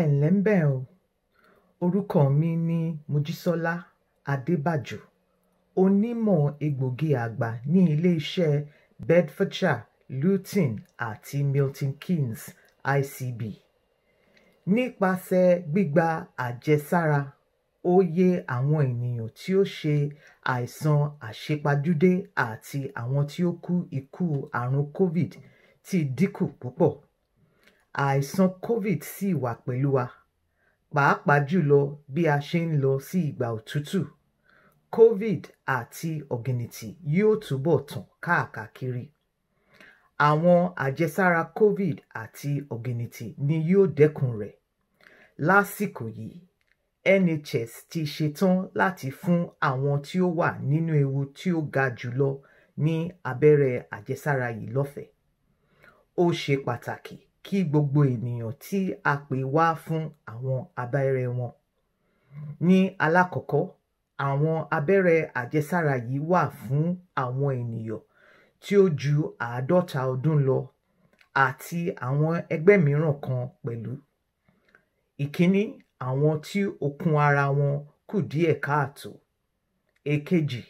ẹ̀ǹlẹ́ ńbẹ̀ o orúkọ mi ni mojísọ́lá adébàjò onímọ̀ egbògi àgbà ní iléeṣẹ́ bedfordshire luton àti milton keynes icb nípasẹ̀ gbígba àjẹsára ó yé àwọn ènìyàn tí ó ṣe àìsàn àṣepajúdé àti àwọn tí ó kú ikú àrùn covid ti dínkù púpọ̀ àìsàn covid sì wà pẹ̀lú wa pàápàá jùlọ bí a ṣe ń lọ sí ìgbà òtútù covid àti ọ̀gìnìtì yóò túbọ̀ tàn káàkiri àwọn àjẹsára covid àti ọ̀gìnìtì ni yóò dẹ́kun rẹ̀ lásìkò yìí NHS ti ṣetán láti fún àwọn tí ó wà nínú ewu tí ó ga jùlọ ní abẹ́rẹ́ àjẹsára yìí lọ́fẹ̀ẹ́ ó ṣe pàtàkì kí gbogbo ènìyàn tí a pè wá fún àwọn abẹ́rẹ́ wọn. Ní alákọ̀ọ́kọ́, àwọn abẹ́rẹ́ àjẹsára yìí wà fún àwọn ènìyàn tí ó ju àádọ́ta ọdún lọ àti àwọn ẹgbẹ́ mìíràn kan pẹ̀lú. Ìkíní, àwọn tí okun ara wọn kù díẹ̀ káàtó. Èkejì,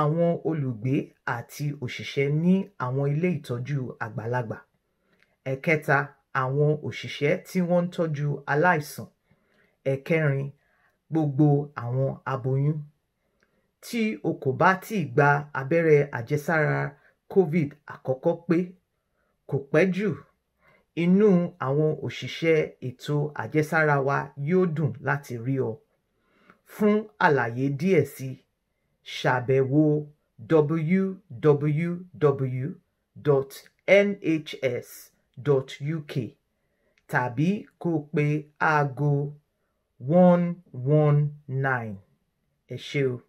àwọn olùgbé àti òṣìṣẹ́ ní àwọn ilé ìtọ́jú àgbàlagbà ẹ̀kẹta àwọn òṣìṣẹ́ tí wọ́n ń tọ́jú aláìsàn ẹ̀kẹrin gbogbo àwọn aboyún tí o kò bá tíì gba abẹ́rẹ́ àjẹsára covid àkọ́kọ́ pé kò pẹ́ jù inú àwọn òṣìṣẹ́ ètò àjẹsára wa yóò dùn láti rí ọ fún àlàyé díẹ̀ sí i ṣàbẹ̀wò www.nhs.gov uk. tàbí kó o pe aago one one nine